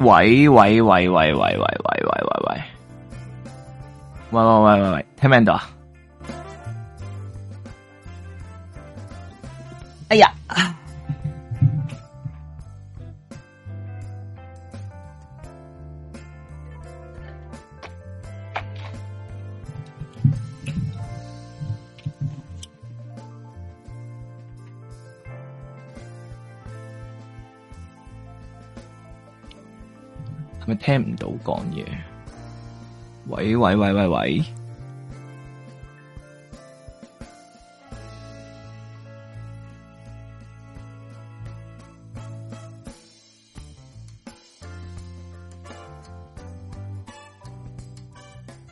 喂喂喂喂喂喂喂喂喂喂喂喂喂喂，喂喂聽唔聽到啊？講嘢，喂喂喂喂喂，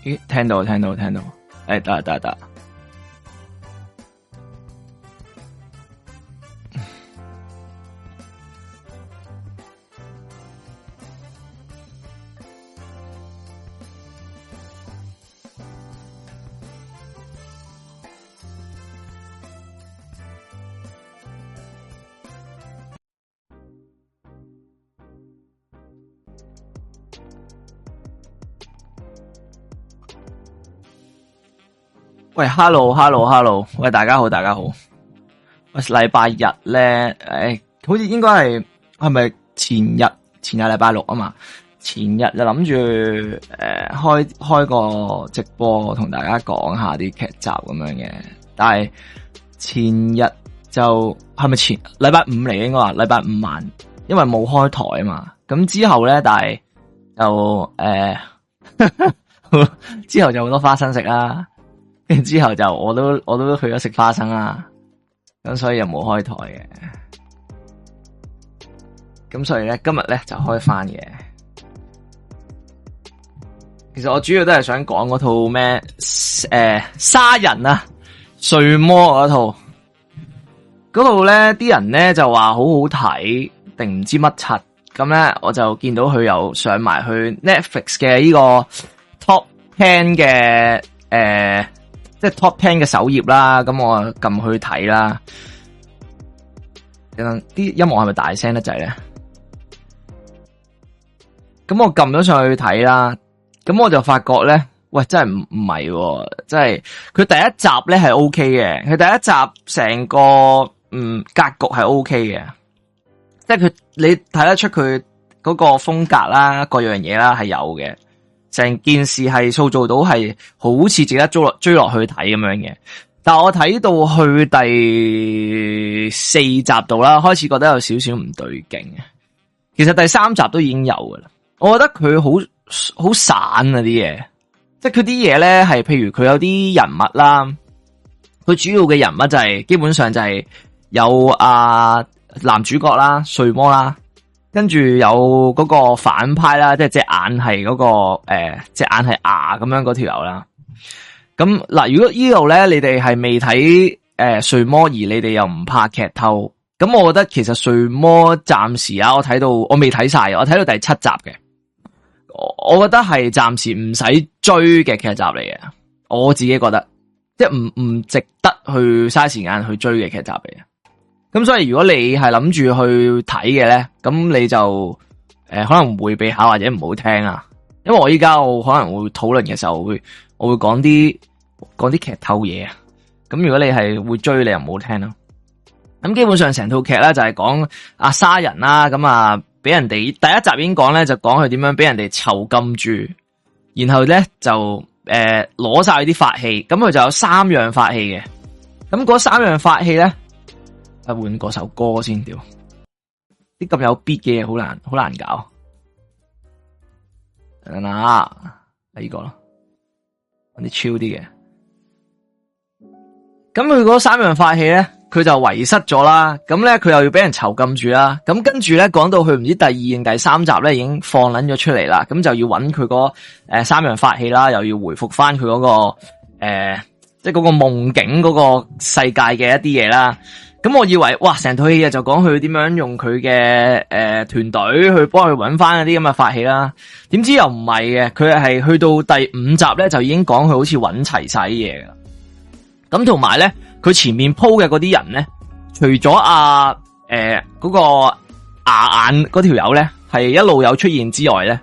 咦、欸？聽到聽到聽到，哎噠噠噠。欸 Hello，Hello，Hello！Hello, hello. 喂，大家好，大家好。禮拜日咧，誒、哎，好似應該係係咪前日前日禮拜六啊嘛？前日就諗住誒開開個直播，同大家講下啲劇集咁樣嘅。但係前日就係咪前禮拜五嚟應該話？禮拜五晚，因為冇開台啊嘛。咁之後咧，但係就誒，呃、 之後就好多花生食啦。跟之後就我都我都去咗食花生啦，咁所以又冇開台嘅，咁所以咧今日咧就開翻嘅。其實我主要都係想講嗰套咩誒、欸、沙人啊，睡魔嗰套，嗰套咧啲人咧就話好好睇，定唔知乜柒，咁咧我就見到佢有上埋去 Netflix 嘅呢個 Top 10嘅誒。欸即係 Top Ten 嘅首頁啦，咁我撳去睇啦。等陣，啲音樂係咪大聲得滯咧？咁我撳咗上去睇啦，咁我就發覺咧，喂，真係唔唔係，真係佢第一集咧係 OK 嘅，佢第一集成個嗯格局，係 OK 嘅，即係佢你睇得出佢嗰個風格啦，各樣嘢啦係有嘅。成件事係塑造到係好似值得追落追落去睇咁樣嘅，但係我睇到去第四集度啦，開始覺得有少少唔對勁。其實第三集都已經有噶啦，我覺得佢好好散嗰啲嘢，即係佢啲嘢咧係，譬如佢有啲人物啦，佢主要嘅人物就係、是、基本上就係有阿、啊、男主角啦，睡魔啦。跟住有嗰個反派啦，即係隻眼係嗰個誒，隻眼係牙咁樣嗰條友啦。咁嗱，如果呢度咧，你哋係未睇誒《睡魔》，而你哋又唔怕劇透，咁我覺得其實《睡魔》暫時啊，我睇到我未睇晒，我睇到第七集嘅，我我覺得係暫時唔使追嘅劇集嚟嘅，我自己覺得即係唔唔值得去嘥時間去追嘅劇集嚟。咁所以如果你係諗住去睇嘅咧，咁你就誒、呃、可能回避下或者唔好聽啊，因為我依家我可能會討論嘅時候我會我會講啲講啲劇透嘢啊，咁如果你係會追，你又唔好聽咯。咁基本上成套劇呢，就係講阿沙人啦，咁啊俾人哋第一集已經講咧，就講佢點樣俾人哋囚禁住，然後咧就誒攞晒啲法器，咁佢就有三樣法器嘅，咁嗰三樣法器咧。啊！換嗰首歌先，屌啲咁有必嘅嘢，好難好難搞。嗱，第二個咯，揾啲超啲嘅。咁佢嗰三樣法器咧，佢就遺失咗啦。咁咧，佢又要俾人囚禁住啦。咁跟住咧，講到佢唔知第二、第三集咧，已經放捻咗出嚟啦。咁就要揾佢嗰誒三樣法器啦，又要回復翻佢嗰個誒，即係嗰個夢境嗰個世界嘅一啲嘢啦。咁我以為，哇，成套戲啊就講佢點樣用佢嘅誒團隊去幫佢揾翻嗰啲咁嘅法器啦。點知又唔係嘅，佢係去到第五集咧就已經講佢好似揾齊晒啲嘢啦。咁同埋咧，佢前面鋪嘅嗰啲人咧，除咗阿誒嗰個牙、啊、眼嗰條友咧係一路有出現之外咧，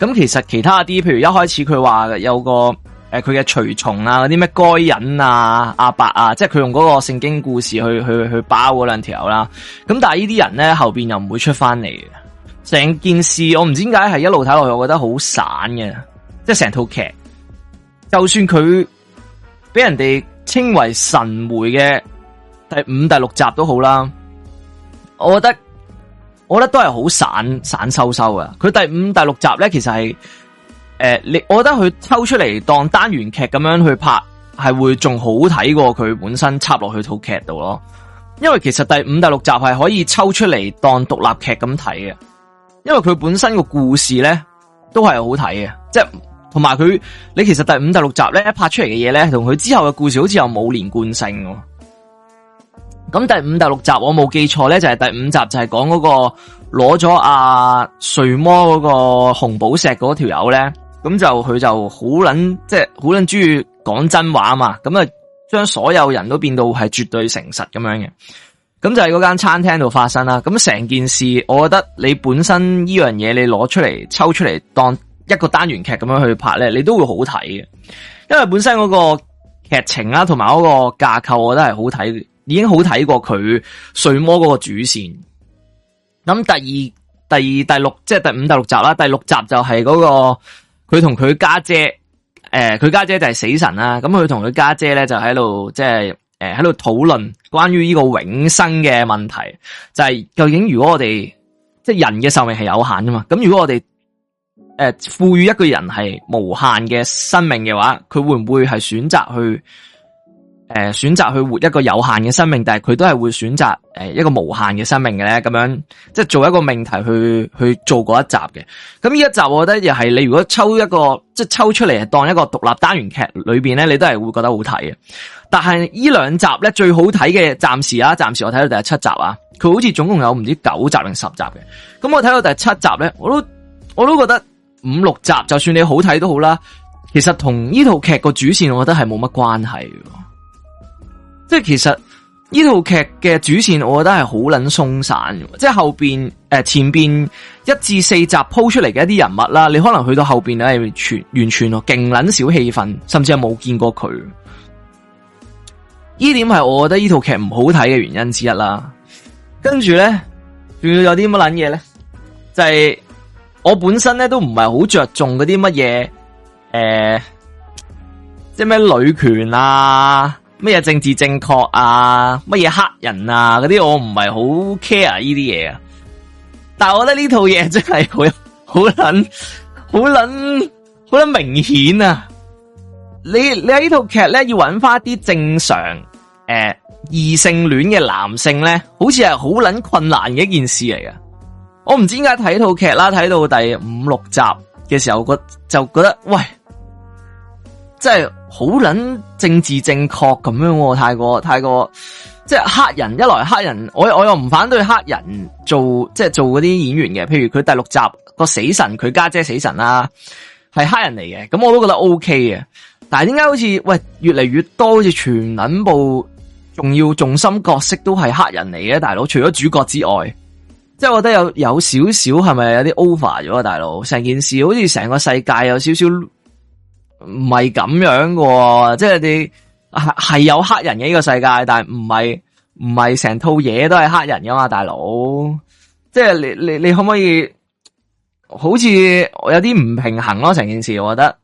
咁其實其他啲，譬如一開始佢話有個。誒，佢嘅隨從啊，嗰啲咩該隱啊、阿伯啊，即係佢用嗰個聖經故事去去去包嗰兩條友啦。咁但係呢啲人咧後邊又唔會出翻嚟嘅。成件事我唔知點解係一路睇落去，我覺得好散嘅，即係成套劇。就算佢俾人哋稱為神回嘅第五、第六集都好啦，我覺得我覺得都係好散散修修嘅。佢第五、第六集咧，其實係。誒、呃，你我覺得佢抽出嚟當單元劇咁樣去拍，係會仲好睇過佢本身插落去套劇度咯。因為其實第五、第六集係可以抽出嚟當獨立劇咁睇嘅，因為佢本身個故事咧都係好睇嘅。即係同埋佢，你其實第五、第六集咧一拍出嚟嘅嘢咧，同佢之後嘅故事好似又冇連貫性。咁第五、第六集我冇記錯咧，就係、是、第五集就係講嗰個攞咗阿睡魔嗰個紅寶石嗰條友咧。咁就佢就好捻，即係好捻中意講真話嘛。咁啊，將所有人都變到係絕對誠實咁樣嘅。咁就係嗰間餐廳度發生啦。咁成件事，我覺得你本身呢樣嘢你攞出嚟、抽出嚟當一個單元劇咁樣去拍咧，你都會好睇嘅。因為本身嗰個劇情啦、啊，同埋嗰個架構，我覺得係好睇，已經好睇過佢睡魔嗰個主線。咁第二、第二、第六，即係第五、第六集啦。第六集就係嗰、嗰個。佢同佢家姐，誒，佢家姐就係死神啦。咁佢同佢家姐咧就喺度，即係，誒，喺度討論關於呢個永生嘅問題，就係究竟如果我哋，即係人嘅壽命係有限㗎嘛，咁如果我哋，誒，賦予一個人係無限嘅生命嘅話，佢會唔會係選擇去？誒，選擇去活一個有限嘅生命，但係佢都係會選擇誒一個無限嘅生命嘅咧，咁樣即係、就是、做一個命題去去做嗰一集嘅。咁呢一集我覺得又係你如果抽一個即係抽出嚟當一個獨立單元劇裏邊咧，你都係會覺得好睇嘅。但係呢兩集咧最好睇嘅，暫時啊，暫時我睇到第七集啊，佢好似總共有唔知九集定十集嘅。咁我睇到第七集咧，我都我都覺得五六集就算你好睇都好啦，其實同呢套劇個主線我覺得係冇乜關係。即係其實呢套劇嘅主線，我覺得係好撚鬆散。即係後邊誒、呃、前邊一至四集鋪出嚟嘅一啲人物啦，你可能去到後邊咧，全完全咯，勁撚少氣氛，甚至係冇見過佢。呢點係我覺得呢套劇唔好睇嘅原因之一啦。跟住咧，仲要有啲乜撚嘢咧？就係、是、我本身咧都唔係好着重嗰啲乜嘢誒，即係咩女權啊？乜嘢政治正確啊？乜嘢黑人啊？嗰啲我唔係好 care 呢啲嘢啊。但係我覺得呢套嘢真係好好撚好撚好撚明顯啊！你你喺呢套劇咧要揾翻啲正常誒異性戀嘅男性咧，好似係好撚困難嘅一件事嚟嘅。我唔知點解睇套劇啦，睇到第五六集嘅時候，我覺就覺得喂，即係。好捻政治正確咁樣喎，太過太過，即係黑人一來黑人，我我又唔反對黑人做即係做嗰啲演員嘅，譬如佢第六集個死神佢家姐，姐死神啦，啊，係黑人嚟嘅，咁我都覺得 OK 嘅。但係點解好似喂越嚟越多，好似全捻部重要重心角色都係黑人嚟嘅，大佬除咗主角之外，即係我覺得有有少少係咪有啲 over 咗啊？大佬成件事好似成個世界有少少。唔係咁樣喎，即係你係係有黑人嘅呢個世界，但係唔係唔係成套嘢都係黑人噶嘛，大佬。即係你你你可唔可以好似有啲唔平衡咯？成件事我覺得。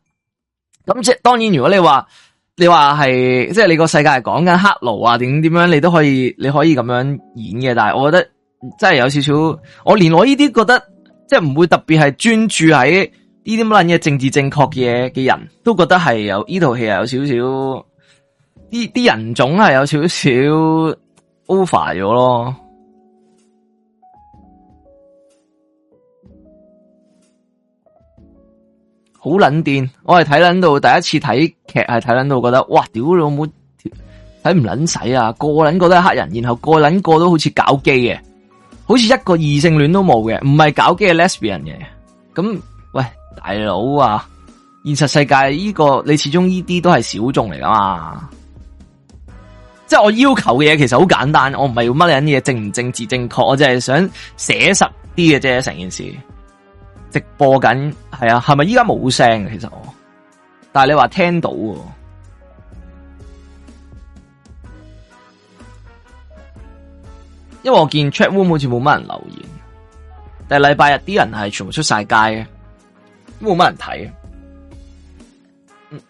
咁即係當然，如果你話你話係即係你個世界係講緊黑奴啊，點點樣你都可以你可以咁樣演嘅，但係我覺得真係有少少，我連我呢啲覺得即係唔會特別係專注喺。呢啲乜嘢政治正確嘢嘅人都覺得係有呢套戲係有少少，啲人種係有少少 over 咗咯，好撚癲！我係睇撚到第一次睇劇係睇撚到覺得哇，屌老母睇唔撚使啊！個撚個都係黑人，然後個撚個都好似搞基嘅，好似一個異性戀都冇嘅，唔係搞基嘅 lesbian 嘅咁。大佬啊，現實世界呢個你始終呢啲都係小眾嚟噶嘛？即係我要求嘅嘢，其實好簡單，我唔係要乜嘢嘢正唔正治正確，我淨係想寫實啲嘅啫。成件事直播緊係啊，係咪依家冇聲？其實我，但係你話聽到，因為我見 Chatroom 好似冇乜人留言，但係禮拜日啲人係全部出晒街嘅。冇乜人睇啊，嗯，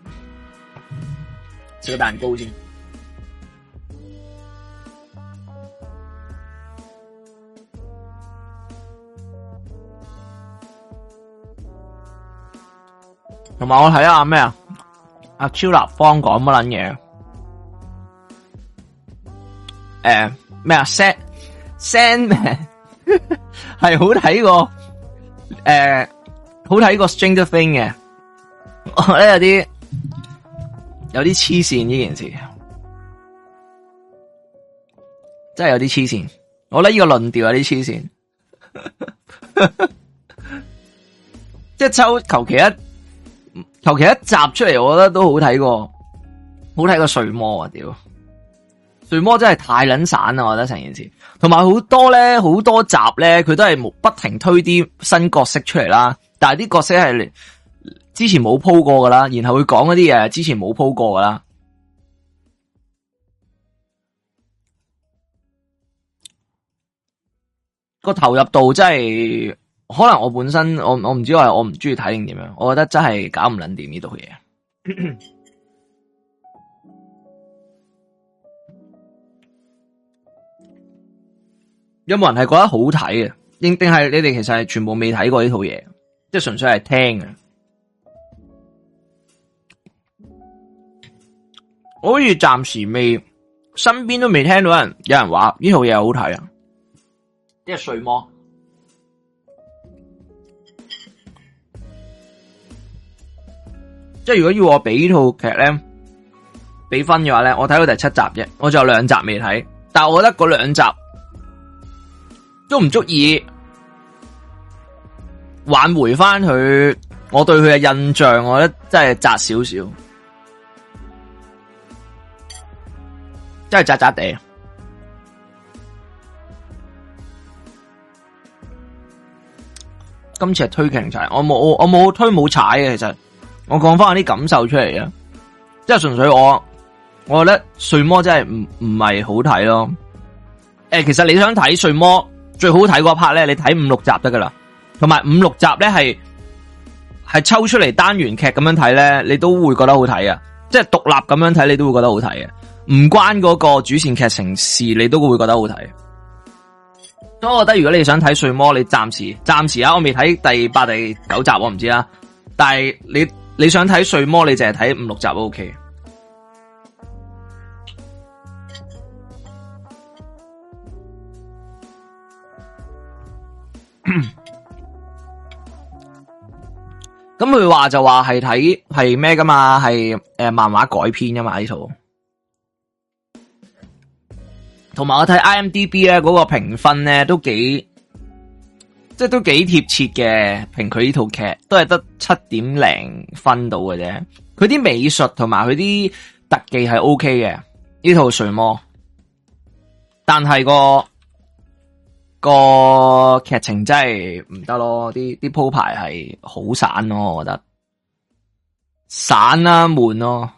食個蛋糕先，同埋我睇下咩啊，阿 Q 立方講乜撚嘢？誒，咩啊？Set，Sandman 係好睇個，誒。好睇過《Stranger Thing》嘅，我覺得有啲有啲黐線呢件事，真係有啲黐線。我覺得呢個論調有啲黐線，即係抽求其一求其一,一集出嚟，我覺得都好睇過。好睇過睡魔啊！屌睡魔真係太撚散啦！我覺得成件事，同埋好多咧好多集咧，佢都係冇不停推啲新角色出嚟啦。但係啲角色係之前冇鋪過噶啦，然後會講嗰啲嘢，之前冇鋪過噶啦。個投入度真係可能我本身我，我唔知係我唔中意睇，定點樣，我覺得真係搞唔捻掂呢套嘢。有冇人係覺得好睇嘅？定定係你哋其實係全部未睇過呢套嘢？即係純粹係聽嘅！我好似暫時未，身邊都未聽到人有人話呢套嘢好睇啊！即係睡魔。即係如果要我俾呢套劇咧，俾分嘅話咧，我睇到第七集啫，我仲有兩集未睇，但係我覺得嗰兩集足唔足以？挽回翻佢，我對佢嘅印象，我覺得真係窄少少，真係窄窄地。今次係推劇就係，我冇我冇推冇踩嘅，其實我講翻啲感受出嚟啊，即係純粹我，我覺得《睡魔》真係唔唔係好睇咯。誒，其實你想睇睡魔最好睇嗰 part 咧，你睇五六集得噶啦。同埋五六集咧係係抽出嚟單元劇咁樣睇咧，你都會覺得好睇啊！即係獨立咁樣睇，你都會覺得好睇啊！唔關嗰個主線劇情事，你都會覺得好睇。所以我覺得如果你想睇《睡魔》，你暫時暫時啊，我未睇第八、第九集，我唔知啊。但係你你想睇《睡魔》，你淨係睇五六集都 OK。 咁佢話就話係睇，係咩噶嘛？係誒、呃、漫畫改編噶嘛 呢套，同埋我睇 IMDB 咧嗰個評分咧都幾，即係都幾貼切嘅。評佢呢套劇都係得七點零分到嘅啫。佢啲美術同埋佢啲特技係 OK 嘅，呢套《睡魔》，但係個。個劇情真係唔得咯，啲啲鋪排係好散咯、啊，我覺得散啦、啊，悶咯、啊，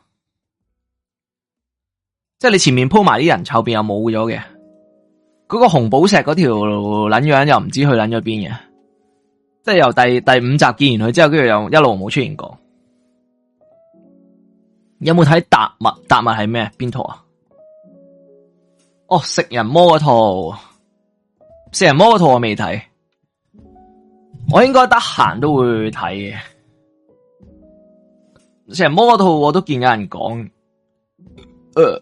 即係你前面鋪埋啲人，後邊又冇咗嘅。嗰、嗰個紅寶石嗰條捻樣又唔知去捻咗邊嘅，即係由第第五集見完佢之後，跟住又一路冇出現過。有冇睇達物？達物係咩？邊套？啊？哦，食人魔嗰套。四人魔套我未睇，我應該得閒都會睇嘅。四人魔套,我,我,四人魔套我都見有人講、呃，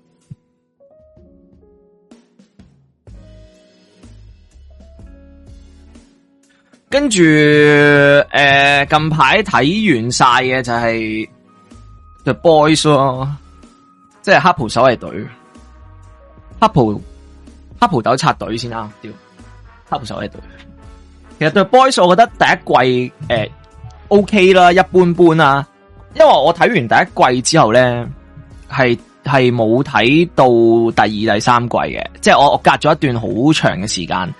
跟住誒、呃，近排睇完晒嘅就係、是、The Boys 咯、哦，即係黑袍守衛隊，黑袍黑袍豆拆隊先啱，屌！差唔多坐喺度。其實對 Boys，我覺得第一季誒、欸，OK 啦，一般般啦。因為我睇完第一季之後呢，係係冇睇到第二、第三季嘅，即係我我隔咗一段好長嘅時間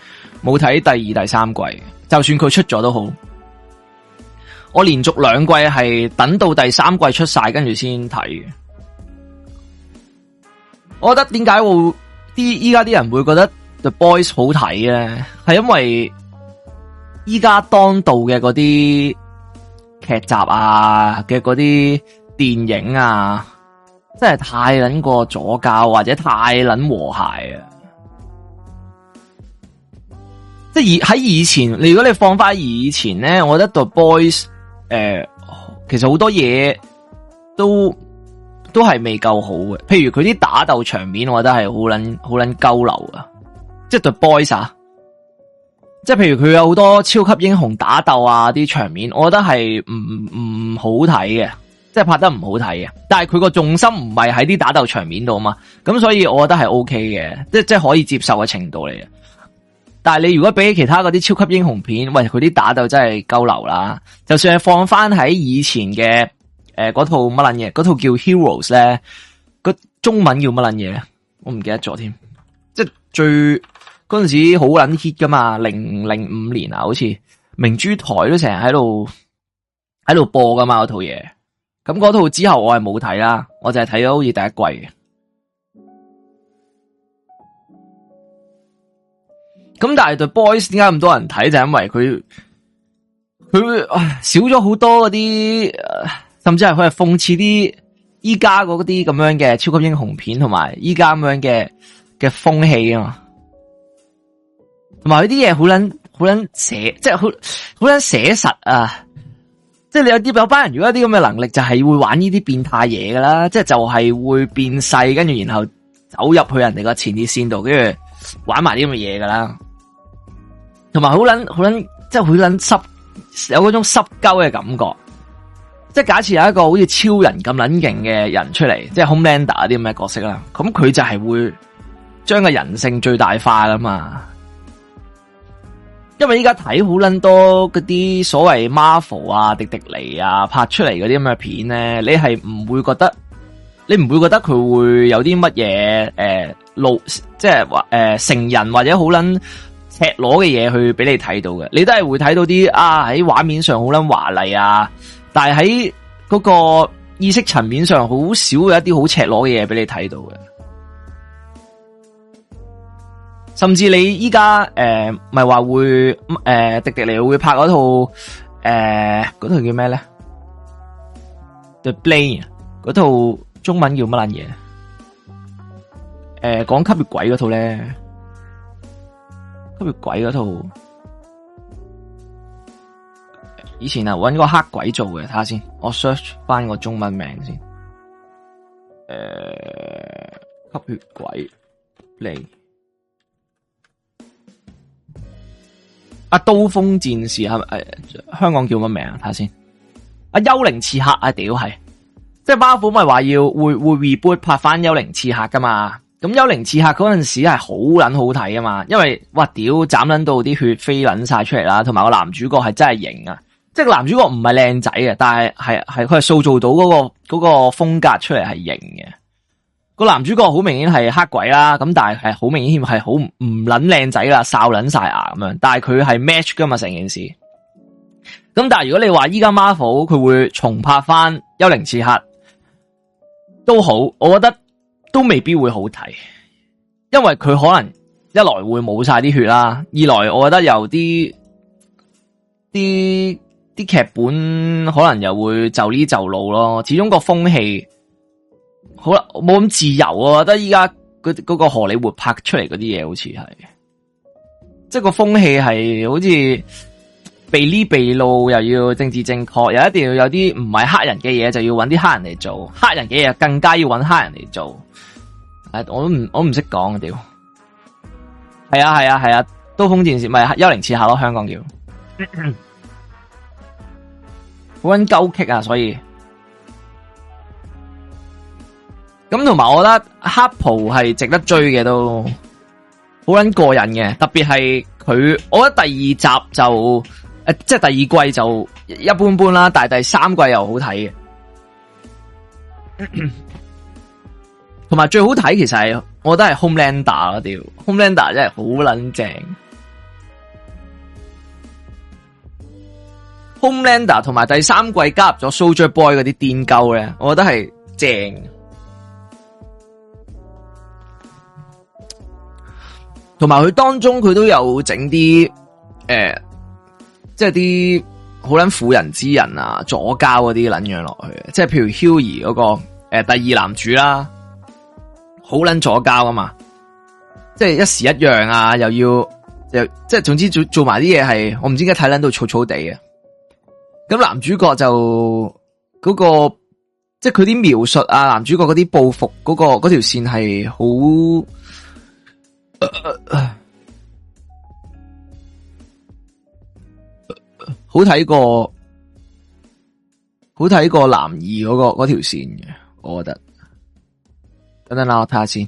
冇睇第二、第三季。就算佢出咗都好，我連續兩季係等到第三季出晒，跟住先睇嘅。我覺得點解會啲依家啲人會覺得？The Boys 好睇咧，係因為依家當道嘅嗰啲劇集啊，嘅嗰啲電影啊，真係太捻過左教或者太捻和諧啊！即係以喺以前，你如果你放翻以前咧，我覺得 The Boys 誒、呃，其實很多東西好多嘢都都係未夠好嘅，譬如佢啲打鬥場面，我覺得係好捻好捻勾流啊！即係 The Boys 啊！即係譬如佢有好多超級英雄打鬥啊啲場面，我覺得係唔唔唔好睇嘅，即係拍得唔好睇嘅。但係佢個重心唔係喺啲打鬥場面度啊嘛，咁所以我覺得係 OK 嘅，即係即係可以接受嘅程度嚟嘅。但係你如果比起其他嗰啲超級英雄片，喂佢啲打鬥真係鳩流啦。就算係放翻喺以前嘅誒嗰套乜捻嘢，嗰套叫 Heroes 咧，個中文叫乜捻嘢？我唔記得咗添，即係最。嗰陣時好撚 hit 噶嘛，零零五年啊，好似明珠台都成日喺度喺度播噶嘛。嗰套嘢。咁嗰套之後我，我係冇睇啦，我就係睇咗好似第一季嘅。咁 但係《The Boys》點解咁多人睇？就係因為佢佢少咗好多嗰啲，甚至係佢係諷刺啲依家嗰啲咁樣嘅超級英雄片，同埋依家咁樣嘅嘅風氣啊嘛。同埋嗰啲嘢好捻好捻寫，即係好好捻寫實啊！即係你有啲有班人如果一啲咁嘅能力，就係會玩呢啲變態嘢噶啦，即係就係會變細，跟住然後走入去人哋個前列腺度，跟住玩埋啲咁嘅嘢噶啦。同埋好捻好捻，即係好捻濕，有嗰種濕鳩嘅感覺。即係假設有一個好似超人咁捻勁嘅人出嚟，即係 Homelander 啲咁嘅角色啦，咁佢就係會將個人性最大化噶嘛。因為依家睇好捻多嗰啲所謂 Marvel 啊、迪迪尼啊拍出嚟嗰啲咁嘅片咧，你係唔會覺得？你唔會覺得佢會有啲乜嘢誒露，即係話誒成人或者好捻赤裸嘅嘢去俾你睇到嘅？你都係會睇到啲啊喺畫面上好捻華麗啊，但係喺嗰個意識層面上好少有一啲好赤裸嘅嘢俾你睇到嘅。甚至你依家誒，咪、呃、話會誒，迪迪尼會拍嗰套誒，嗰、呃、套叫咩咧？The Blade 嗰套中文叫乜撚嘢？誒、呃，講吸血鬼嗰套咧，吸血鬼嗰套，以前啊，搵個黑鬼做嘅，睇下先，我 search 翻個中文名先。誒、呃，吸血鬼，Blade。Blaine. 啊！刀鋒戰士係咪，香港叫乜名啊？睇下先。啊，幽靈刺客啊，屌係！即係巴虎咪話要會會 reboot 拍翻幽靈刺客噶嘛？咁幽靈刺客嗰陣時係好捻好睇啊嘛！因為哇屌斬捻到啲血飛捻晒出嚟啦，同埋個男主角係真係型啊！即係個男主角唔係靚仔嘅，但係係係佢係塑造到嗰個嗰個風格出嚟係型嘅。個男主角好明顯係黑鬼啦，咁但係係好明顯係好唔捻靚仔啦，哨捻晒牙咁樣，但係佢係 match 噶嘛，成件事。咁但係如果你話依家 Marvel 佢會重拍翻幽靈刺客都好，我覺得都未必會好睇，因為佢可能一來會冇晒啲血啦，二來我覺得有啲啲啲劇本可能又會就呢就路咯，始終個風氣好啦，冇咁自由啊！覺得依家嗰個個荷里活拍出嚟嗰啲嘢，好似係，即係個風氣係好似被呢被路，又要政治正確，又一定要有啲唔係黑人嘅嘢，就要搵啲黑人嚟做，黑人嘅嘢更加要搵黑人嚟做。誒，我都唔我唔識講嘅屌，係啊係啊係啊，刀鋒戰士咪幽靈刺客咯，香港叫好撚鳩棘啊，所以。咁同埋，我覺得黑袍係值得追嘅，都好捻過癮嘅。特別係佢，我覺得第二集就誒，即、呃、係、就是、第二季就一般般啦，但係第三季又好睇嘅。同埋 最好睇，其實係，我覺得係 Homelander 嗰屌 Homelander 真係好捻正。Homelander 同埋第三季加入咗 Soldier Boy 嗰啲癲鳩咧，我覺得係正。同埋佢當中佢都有整啲誒，即係啲好捻婦人之仁啊，左膠嗰啲捻樣落去，即係譬如 Hughie 嗰個誒第二男主啦，好捻左膠啊嘛，即係一時一樣啊，又要又即係總之做做埋啲嘢係，我唔知點解睇捻到草草地啊。咁男主角就嗰個，即係佢啲描述啊，男主角嗰啲報復嗰個嗰條線係好。呃、好睇過，好睇過男二嗰、嗰個嗰條線嘅，我覺得。等等啦，我睇下先。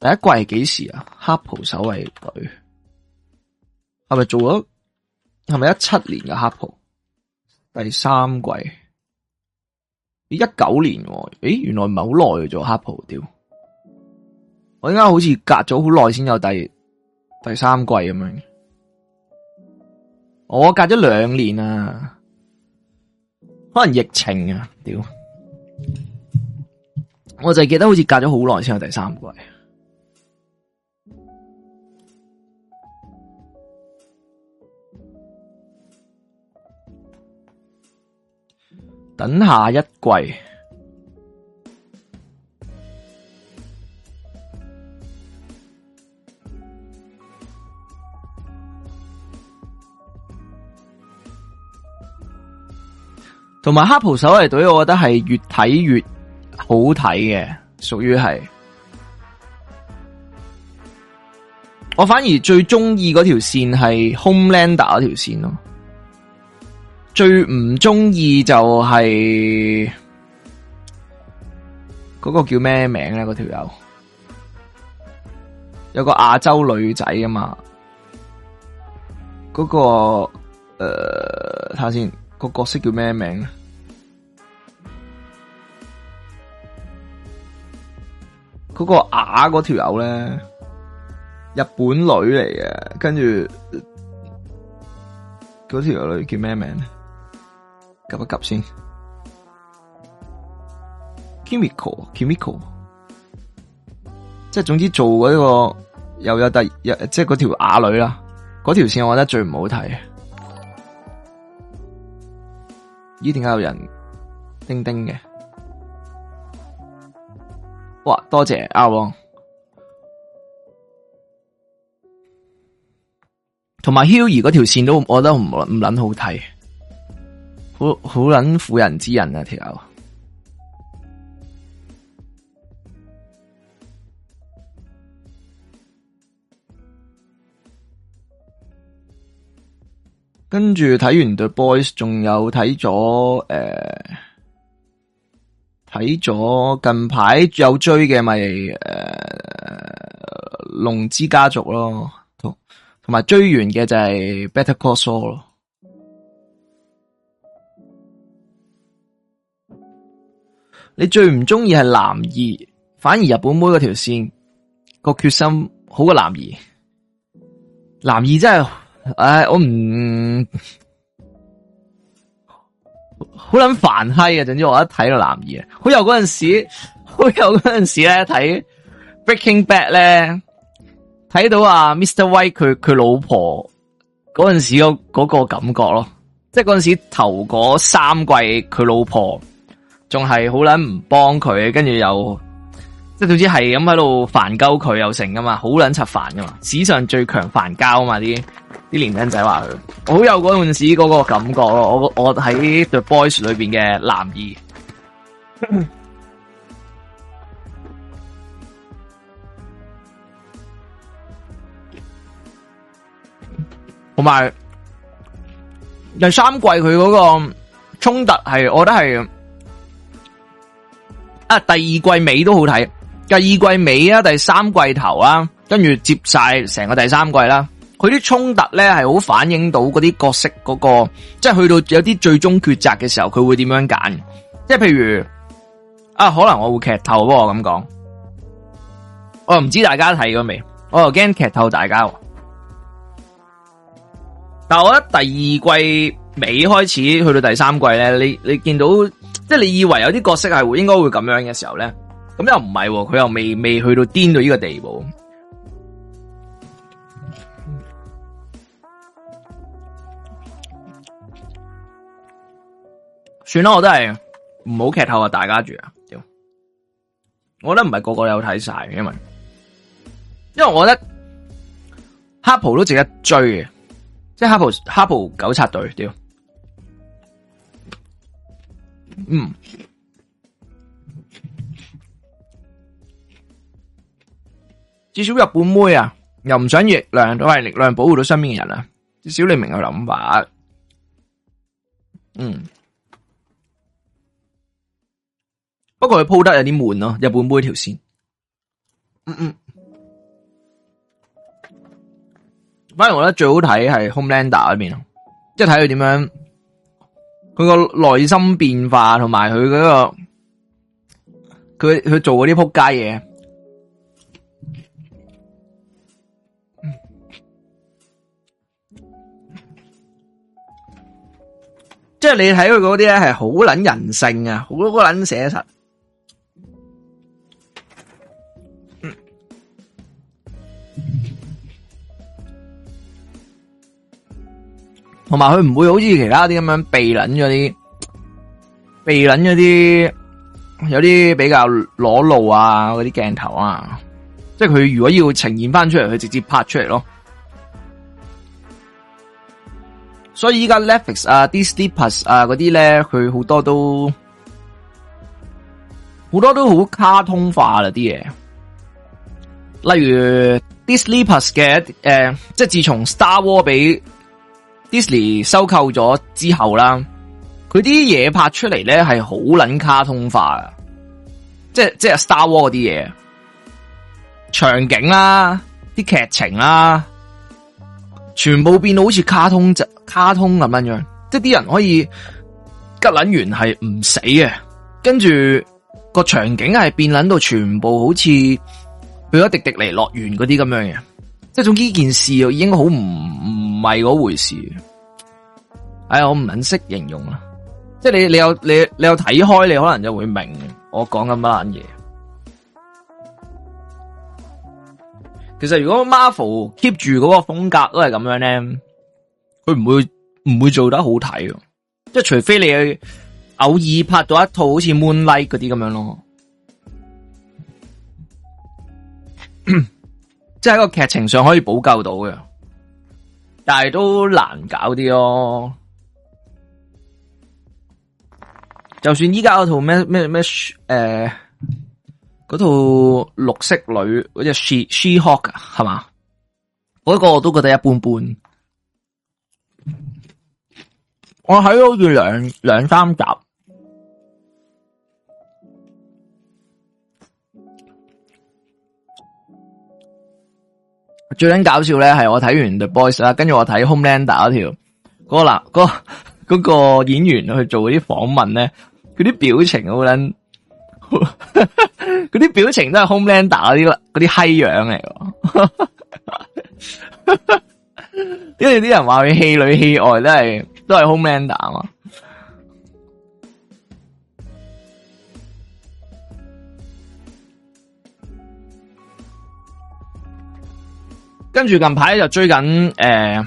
第一季係幾時啊？黑袍守衛隊係咪做咗？係咪一七年嘅黑袍？第三季一九年？誒，原來唔係好耐做黑袍屌。我而家好似隔咗好耐先有第第三季咁樣，我、哦、隔咗兩年啊，可能疫情啊，屌！我就記得好似隔咗好耐先有第三季。等下一季。同埋黑袍守衛隊，我覺得係越睇越好睇嘅，屬於係。我反而最中意嗰條線係 Homelander 嗰條線咯，最唔中意就係嗰個叫咩名咧？嗰條友有個亞洲女仔啊嘛、那個，嗰個誒，睇下先。嗰個角色叫咩名咧？嗰、嗰個啞嗰條友咧，日本女嚟嘅，跟住嗰條女叫咩名咧？及一及先，Kimiko，Kimiko，即係總之做嗰、嗰、一個又有第，即係嗰條啞女啦，嗰條線我覺得最唔好睇。一定要有人叮叮嘅，哇！多謝阿王，同埋 Hiro 嗰條線都，我覺得唔撚捻好睇，好好捻婦人之仁啊條友。這個跟住睇完 The Boys，仲有睇咗誒，睇、呃、咗近排有追嘅咪誒《龍、呃、之家族》咯，同同埋追完嘅就係《Better Call Saul》咯。你最唔中意係男二，反而日本妹嗰條線個決心好過男二，男二真係。唉，我唔好捻煩閪嘅，總之我一睇到男二，好有嗰陣時，好有嗰陣時咧睇《Breaking Bad》咧，睇到啊，Mr. White 佢佢老婆嗰陣時個嗰個感覺咯，即係嗰陣時頭嗰三季佢老婆仲係好捻唔幫佢，跟住又即係總之係咁喺度煩鳩佢又成噶嘛，好捻柒煩噶嘛，史上最強煩交啊嘛啲。啲年輕仔話佢好有嗰陣時嗰個感覺咯，我我喺 The Boys 裏邊嘅男二，同 埋第三季佢嗰個衝突係，我覺得係啊第二季尾都好睇，第二季尾啊，第三季頭啊，跟住接晒成個第三季啦、啊。佢啲衝突咧係好反映到嗰啲角色嗰個，即係去到有啲最終抉擇嘅時候，佢會點樣揀？即係譬如啊，可能我會劇透喎，咁講，我又唔知大家睇過未，我又驚劇透大家。但係我覺得第二季尾開始去到第三季咧，你你見到即係你以為有啲角色係會應該會咁樣嘅時候咧，咁又唔係，佢又未未去到癲到呢個地步。算啦，我都係唔好劇透啊！大家住啊，屌！我覺得唔係個個有睇晒，因為因為我覺得黑袍都值得追嘅，即係黑袍黑袍糾察隊，屌，嗯，至少日本妹啊，又唔想力量，都係力量保護到身邊嘅人啊，至少你明我諗法，嗯。不過佢鋪得有啲悶咯，日本妹條線。嗯嗯，反而我覺得最好睇係 Homelander 邊咯，即係睇佢點樣，佢個內心變化同埋佢嗰個，佢佢做嗰啲撲街嘢。即係你睇佢嗰啲咧，係好捻人性啊，好捻寫實。同埋佢唔會好似其他啲咁樣避撚嗰啲避撚嗰啲，有啲比較裸露啊，嗰啲鏡頭啊，即係佢如果要呈現翻出嚟，佢直接拍出嚟咯。所以依家 Netflix 啊、Disney Plus 啊嗰啲咧，佢好多都好多都好卡通化啦啲嘢，例如 Disney Plus 嘅、誒、呃，即係自從 Star War 俾 Disney 收購咗之後啦，佢啲嘢拍出嚟咧係好捻卡通化啊，即係即係 Star Wars 嗰啲嘢，場景啦，啲劇情啦，全部變到好似卡通就卡通咁樣樣，即係啲人可以吉捻完係唔死嘅，跟住個場景係變捻到全部好似去咗迪迪尼樂園嗰啲咁樣嘅。即係總之這件事已經好唔唔係嗰回事。唉，我唔肯識形容啊。即係你你有你你有睇開，你可能就會明我講緊乜嘢。其實如果 Marvel keep 住嗰個風格都係咁樣咧，佢唔會唔會做得好睇。即係除非你去偶爾拍到一套好似 Moonlight 嗰啲咁樣咯。 即係個劇情上可以補救到嘅，但係都難搞啲囉、哦。就算依家嗰套咩咩咩，誒，嗰套，呃、綠色女嗰隻、那個、She s h e h k 係嘛？嗰，那個我都覺得一般般。我喺咗好似兩兩三集。最捻搞笑咧，係我睇完 The Boys 啦，跟住我睇 Homelander 嗰條，嗰、嗰個男，嗰、嗰、嗰個演員去做嗰啲訪問咧，佢啲表情好捻，嗰 啲表情都係 Homelander 嗰啲嗰啲閪樣嚟， 因為啲人話佢戲裡戲外都係都係 Homelander 啊嘛。跟住近排就追緊誒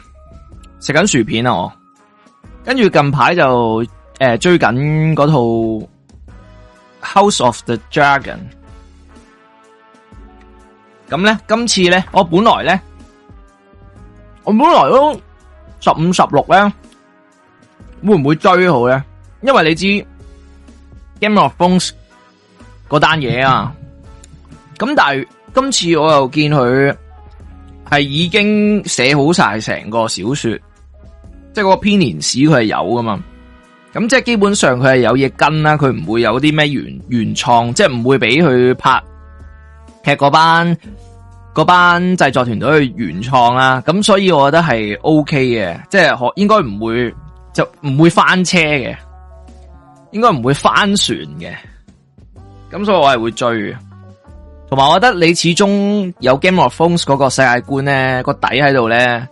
食緊薯片啊我，跟住近排就誒、呃、追緊嗰套 House of the Dragon。咁咧，今次咧，我本來咧，我本來都十五十六咧，會唔會追好咧？因為你知 Game of Thrones 嗰單嘢啊，咁但係今次我又見佢。係已經寫好晒成個小說，即係嗰個編年史佢係有噶嘛？咁即係基本上佢係有嘢跟啦，佢唔會有啲咩原原創，即係唔會俾佢拍劇嗰班嗰班製作團隊去原創啦。咁所以我覺得係 OK 嘅，即係可應該唔會就唔會翻車嘅，應該唔會翻船嘅。咁所以我係會追。同埋，我覺得你始終有 Game of Thrones 嗰個世界觀咧，個底喺度咧，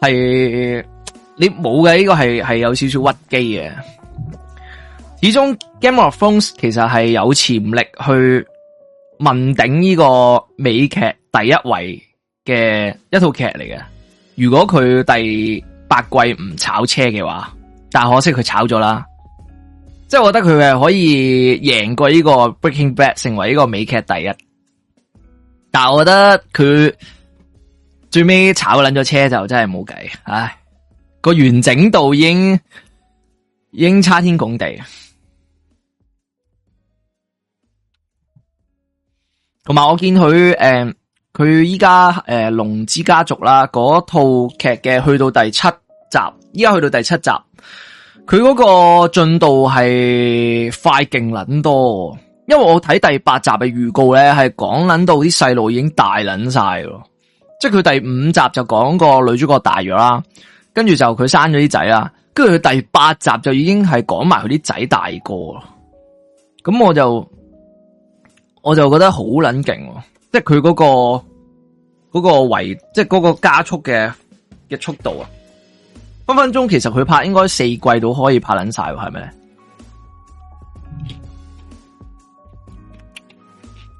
係你冇嘅。呢個係係有少少屈機嘅。始終 Game of Thrones 其實係有潛力去問鼎呢個美劇第一位嘅一套劇嚟嘅。如果佢第八季唔炒車嘅話，但可惜佢炒咗啦。即係我覺得佢係可以贏過呢個 Breaking Bad 成為呢個美劇第一。但係我覺得佢最尾炒捻咗車就真係冇計，唉個完整度已經已經差天共地。同埋我見佢誒，佢依家誒《龍之家族》啦，嗰套劇嘅去到第七集，依家去到第七集，佢嗰個進度係快勁捻多。因為我睇第八集嘅預告咧，係講捻到啲細路已經大捻晒咯，即係佢第五集就講個女主角大咗啦，跟住就佢生咗啲仔啦，跟住佢第八集就已經係講埋佢啲仔大個，咁我就我就覺得好捻勁，即係佢嗰個、嗰個圍，即係個加速嘅嘅速度啊，分分鐘其實佢拍應該四季都可以拍捻晒，係咪咧？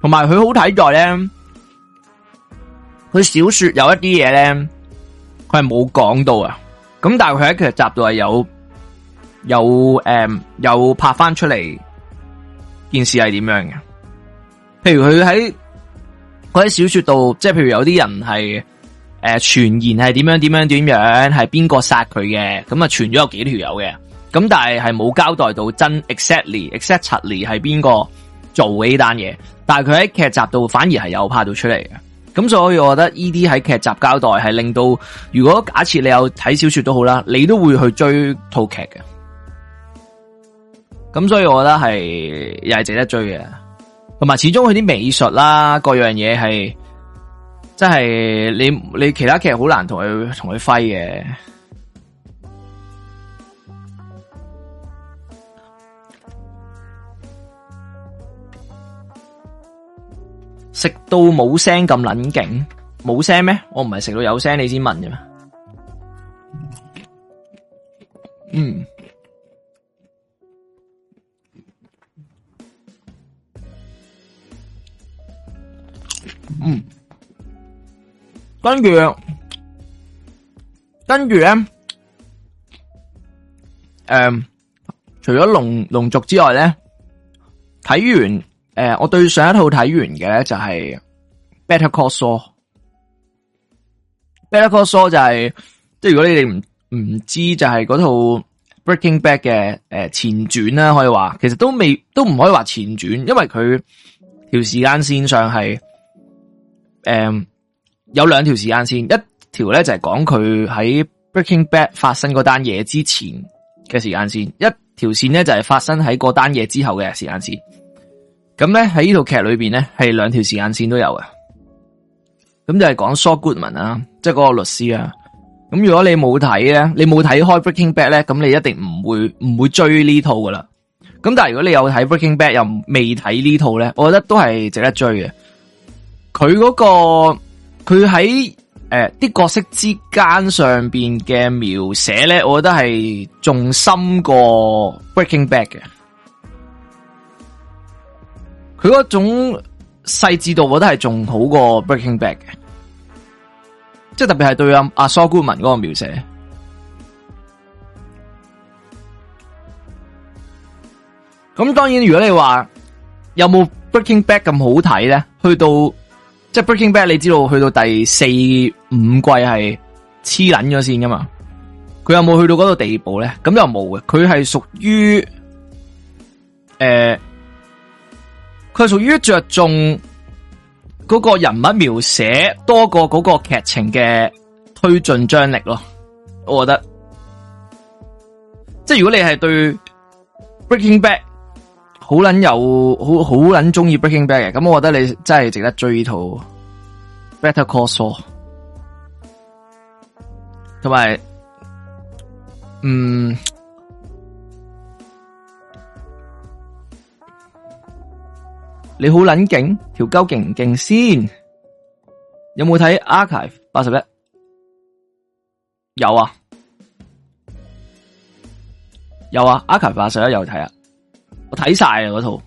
同埋佢好睇在咧，佢小說有一啲嘢咧，佢係冇講到啊。咁但係佢喺劇集度係有有誒、嗯，有拍翻出嚟件事係點樣嘅？譬如佢喺佢喺小說度，即係譬如有啲人係誒傳言係點樣點樣點樣，係邊個殺佢嘅？咁啊傳咗有幾條友嘅？咁但係係冇交代到真 exactly exactly 係邊個？做呢單嘢，但係佢喺劇集度反而係有拍到出嚟嘅，咁所以我覺得呢啲喺劇集交代係令到，如果假設你有睇小說都好啦，你都會去追套劇嘅，咁所以我覺得係又係值得追嘅，同埋始終佢啲美術啦，各樣嘢係即係你你其他劇好難同佢同佢揮嘅。食到冇聲咁撚勁，冇聲咩？我唔係食到有聲，你先問啫嘛。嗯，嗯，跟住，跟住咧，誒，除咗龍龍族之外咧，睇完。誒、呃，我對上一套睇完嘅咧就係、就是《Better Call Saul》，《Better Call Saul》就係即係如果你哋唔唔知就係嗰套 Breaking Bad《Breaking、呃、Bad》嘅誒前傳啦，啊，可以話其實都未都唔可以話前傳，因為佢條時間線上係誒、呃、有兩條時間線，一條咧就係講佢喺《Breaking Bad》發生嗰單嘢之前嘅時間線，一條線咧就係、是、發生喺嗰單嘢之後嘅時間線。咁咧喺呢套劇裏邊咧係兩條時間線都有嘅，咁就係講 Saul Goodman 啊，即係嗰個律師啊。咁如果你冇睇咧，你冇睇開 Breaking Bad 咧，咁你一定唔會唔會追呢套噶啦。咁但係如果你有睇 Breaking Bad 又未睇呢套咧，我覺得都係值得追嘅。佢嗰、那個佢喺誒啲角色之間上邊嘅描寫咧，我覺得係仲深過 Breaking Bad 嘅。佢嗰種細致度，我覺得係仲好過 Breaking Bad 嘅，即係特別係對阿阿蘇古文嗰個描寫。咁當然，如果你話有冇 Breaking Bad 咁好睇咧，去到即係、就是、Breaking Bad，你知道去到第四五季係黐捻咗先噶嘛？佢有冇去到嗰個地步咧？咁又冇嘅，佢係屬於誒。呃.佢係屬於着重嗰個人物描寫多過嗰個劇情嘅推進張力咯，我覺得。即係如果你係對 Breaking Bad 好捻有好好捻中意 Breaking Bad 嘅，咁我覺得你真係值得追呢套 Better Call Saul。同埋，嗯。你好撚勁，條鳩勁唔勁先？有冇睇 Archive 八十一？有啊，有啊，Archive 八十一有睇啊，我睇晒啊嗰套，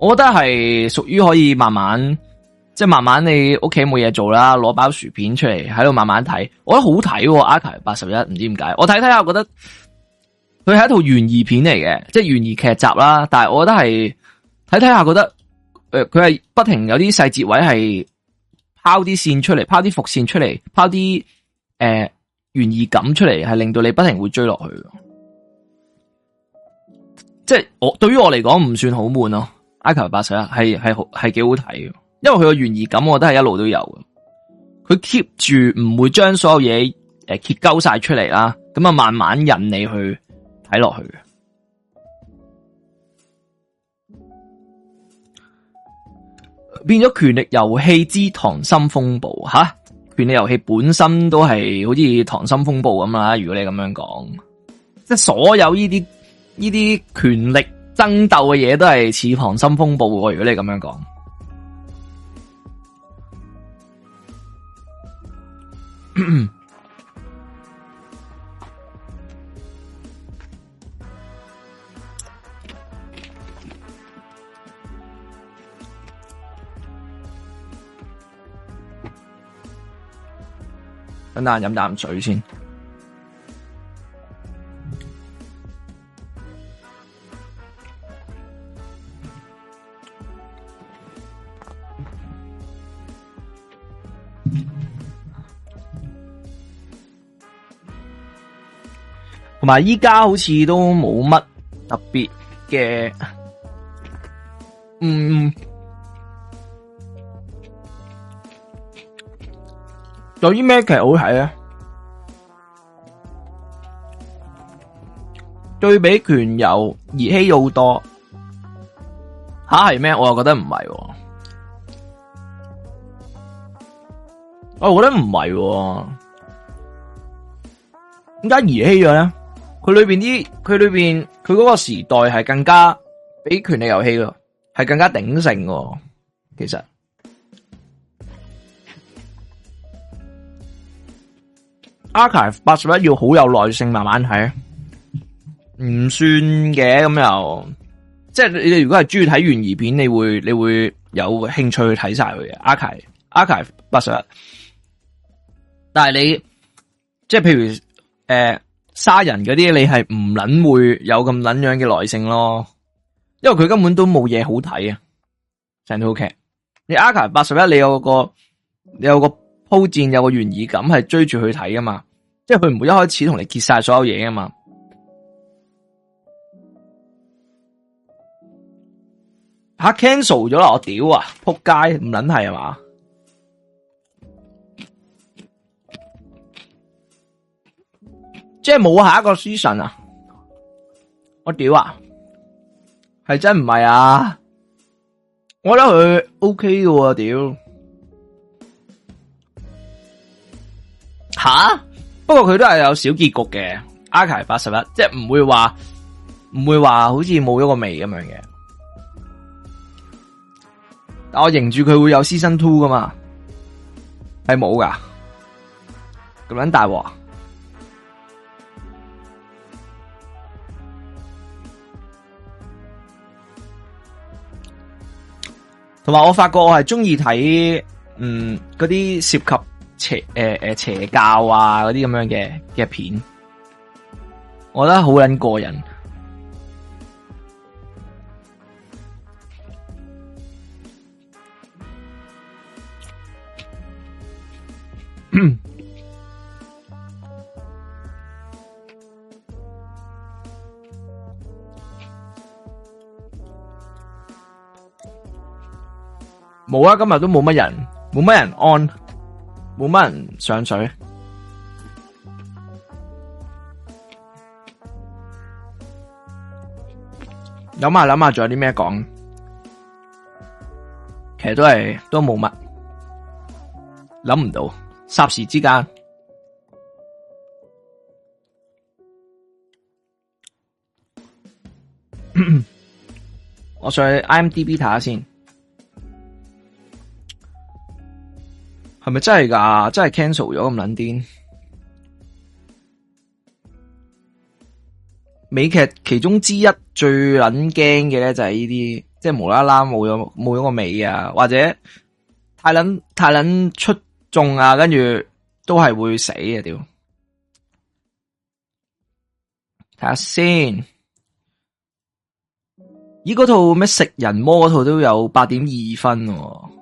我覺得係屬於可以慢慢，即係慢慢你屋企冇嘢做啦，攞包薯片出嚟喺度慢慢睇，我覺得好睇啊，Archive 八十一，唔知點解，我睇睇下我覺得佢係一套懸疑片嚟嘅，即係懸疑劇集啦，但係我覺得係睇睇下覺得。誒，佢係不停有啲細節位係拋啲線出嚟，拋啲伏線出嚟，拋啲誒懸疑感出嚟，係令到你不停會追落去。即係我對於我嚟講唔算悶，啊 IQ81，好悶咯 IQ 八十一，係係好係幾好睇嘅，因為佢個懸疑感我覺得係一路都有嘅。佢 keep 住唔會將所有嘢誒、呃、揭鳩晒出嚟啦，咁啊慢慢引你去睇落去嘅。變咗權力遊戲之溏心風暴吓，權力遊戲本身都係好似溏心風暴咁啦。如果你咁樣講，即係所有呢啲呢啲權力爭鬥嘅嘢都係似溏心風暴喎。如果你咁樣講。 等下飲啖水先，同埋依家好似都冇乜特別嘅，嗯。有啲咩劇好睇咧？對比權遊，兒戲要多吓係咩？我又覺得唔係，我又覺得唔係，點解兒戲嘅咧？佢裏邊啲，佢裏邊佢嗰個時代係更加比權力遊戲咯，係更加鼎盛嘅，其實。Archive 八十一要好有耐性慢慢睇，唔算嘅咁又，即係你如果係中意睇懸疑片，你會你會有興趣去睇晒佢嘅 Archive Archive 八十一，但係你即係譬如誒殺人嗰啲，你係唔捻會有咁捻樣嘅耐性咯，因為佢根本都冇嘢好睇啊，成套劇，你 Archive 八十一你有個你有個。鋪戰有個懸疑感，係追住去睇噶嘛，即係佢唔會一開始同你揭晒所有嘢噶嘛。吓、 啊、cancel 咗啦，我屌啊，扑街，唔捻係嘛？即係冇下一個 season 啊？我屌啊，係真唔係啊？我覺得佢 OK 喎，屌。吓！不過佢都係有小結局嘅，Archive 81，即係唔會話唔會話好似冇咗個味咁樣嘅。但我認住佢會有 season two 噶嘛，係冇噶咁樣，大鑊。同埋我發覺我係中意睇嗯嗰啲涉及邪誒誒、呃、邪教啊，嗰啲咁樣嘅嘅片，我覺得好捻過癮。冇啊， 今日都冇乜人，冇乜人 on。冇乜人上水，諗下諗下，仲有啲咩講？其實都係都冇乜，諗唔到，霎時之間， 我上去 IMDB 睇下先。係咪真係噶？真係 cancel 咗咁撚癲？美劇其中之一最撚驚嘅咧，就係呢啲，即係無啦啦冇咗冇咗個尾啊，或者太撚太撚出眾啊，跟住都係會死嘅屌！睇下先，咦？嗰套咩食人魔嗰套都有八點二分喎。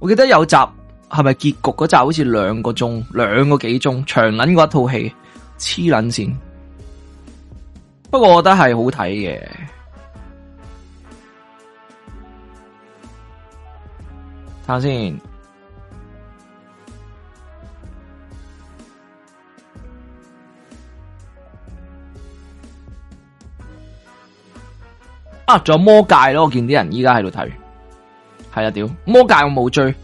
我記得有集係咪結局嗰集好似兩個鐘，兩個幾鐘，長捻過一套戲，黐撚線。不過我覺得係好睇嘅，睇下先。啊，仲有魔戒咯，我見啲人而家喺度睇。係啊，屌，魔界我冇追，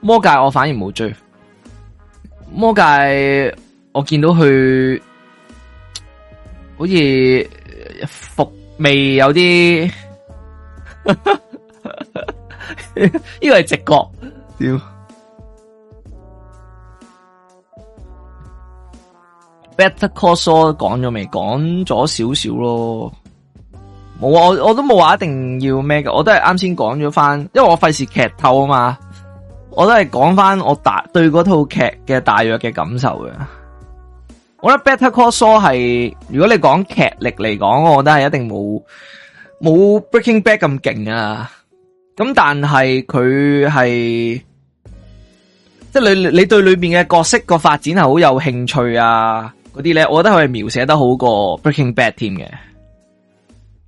魔界我反而冇追，魔界我見到佢好似服味有啲，呢個係直覺，屌。Better Call Saul 講咗未？講咗少少咯。我我都冇話一定要咩嘅，我都係啱先講咗翻，因為我費事劇透啊嘛，我都係講翻我大對嗰套劇嘅大約嘅感受嘅。我覺得 Better Call Saul 係，如果你講劇力嚟講，我覺得係一定冇冇 Breaking Bad 咁勁啊。咁但係佢係即係你你對裏邊嘅角色個發展係好有興趣啊嗰啲咧，我覺得佢係描寫得好過 Breaking Bad 添嘅。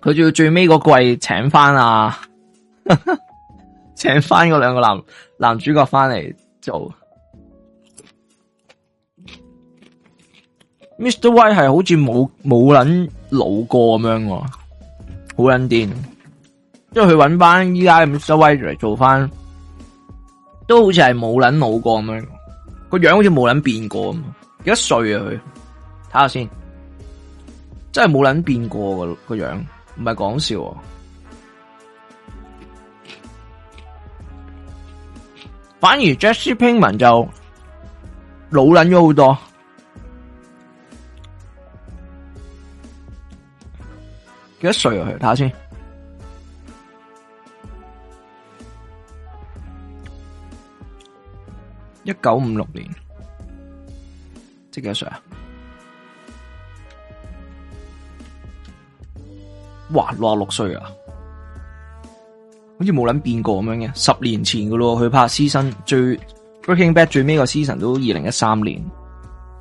佢仲要最尾嗰季請翻啊， 請翻嗰兩個男男主角翻嚟做。Mr. White 係好似冇冇捻老過咁樣，好捻癲！因為佢搵翻依家 Mr. White 嚟做翻，都好似係冇捻老過咁樣。個樣好似冇捻變過咁，幾多歲啊佢？睇下先，真係冇捻變過個個樣。唔係講笑喎，反而 Jesse Pinkman 就老撚咗好多，幾多歲啊？佢睇下先，一九五六年，即幾多歲啊？哇，六十六歲啊，好似冇諗變過咁樣嘅，十年前嘅咯，佢拍《屍身》最《Breaking Bad》最尾個《屍神》都二零一三年，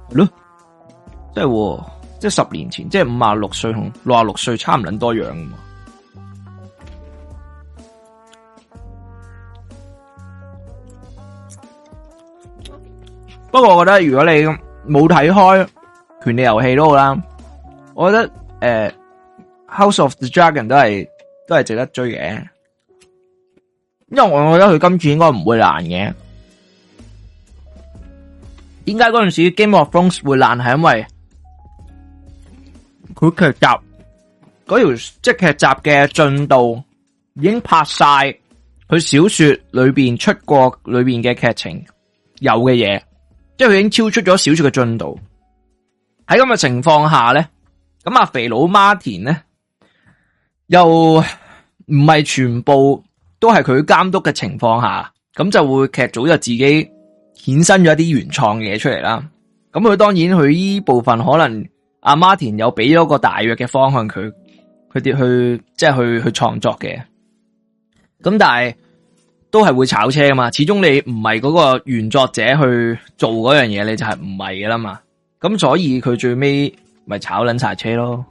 係咯，即係即係十年前，即係五十六歲同六十六歲差唔多樣啊嘛。不過我覺得如果你冇睇開《權力遊戲》都好啦，我覺得誒。呃 House of the Dragon 都係都係值得追嘅，因為我我覺得佢今次應該唔會爛嘅。點解嗰陣時 Game of Thrones 會爛？係因為佢劇集嗰條即係劇集嘅進度已經拍晒佢小說裏邊出過裏邊嘅劇情有嘅嘢，即係佢已經超出咗小說嘅進度。喺咁嘅情況下咧，咁阿肥佬 Martin 咧？又唔係全部都係佢監督嘅情況下，咁就會劇組就自己衍生咗一啲原創嘢出嚟啦。咁佢當然佢依部分可能阿 Martin 有俾咗個大約嘅方向，佢佢哋去即係去去創作嘅。咁但係都係會炒車噶嘛，始終你唔係嗰個原作者去做嗰樣嘢，你就係唔係噶啦嘛。咁所以佢最尾咪炒撚晒車咯。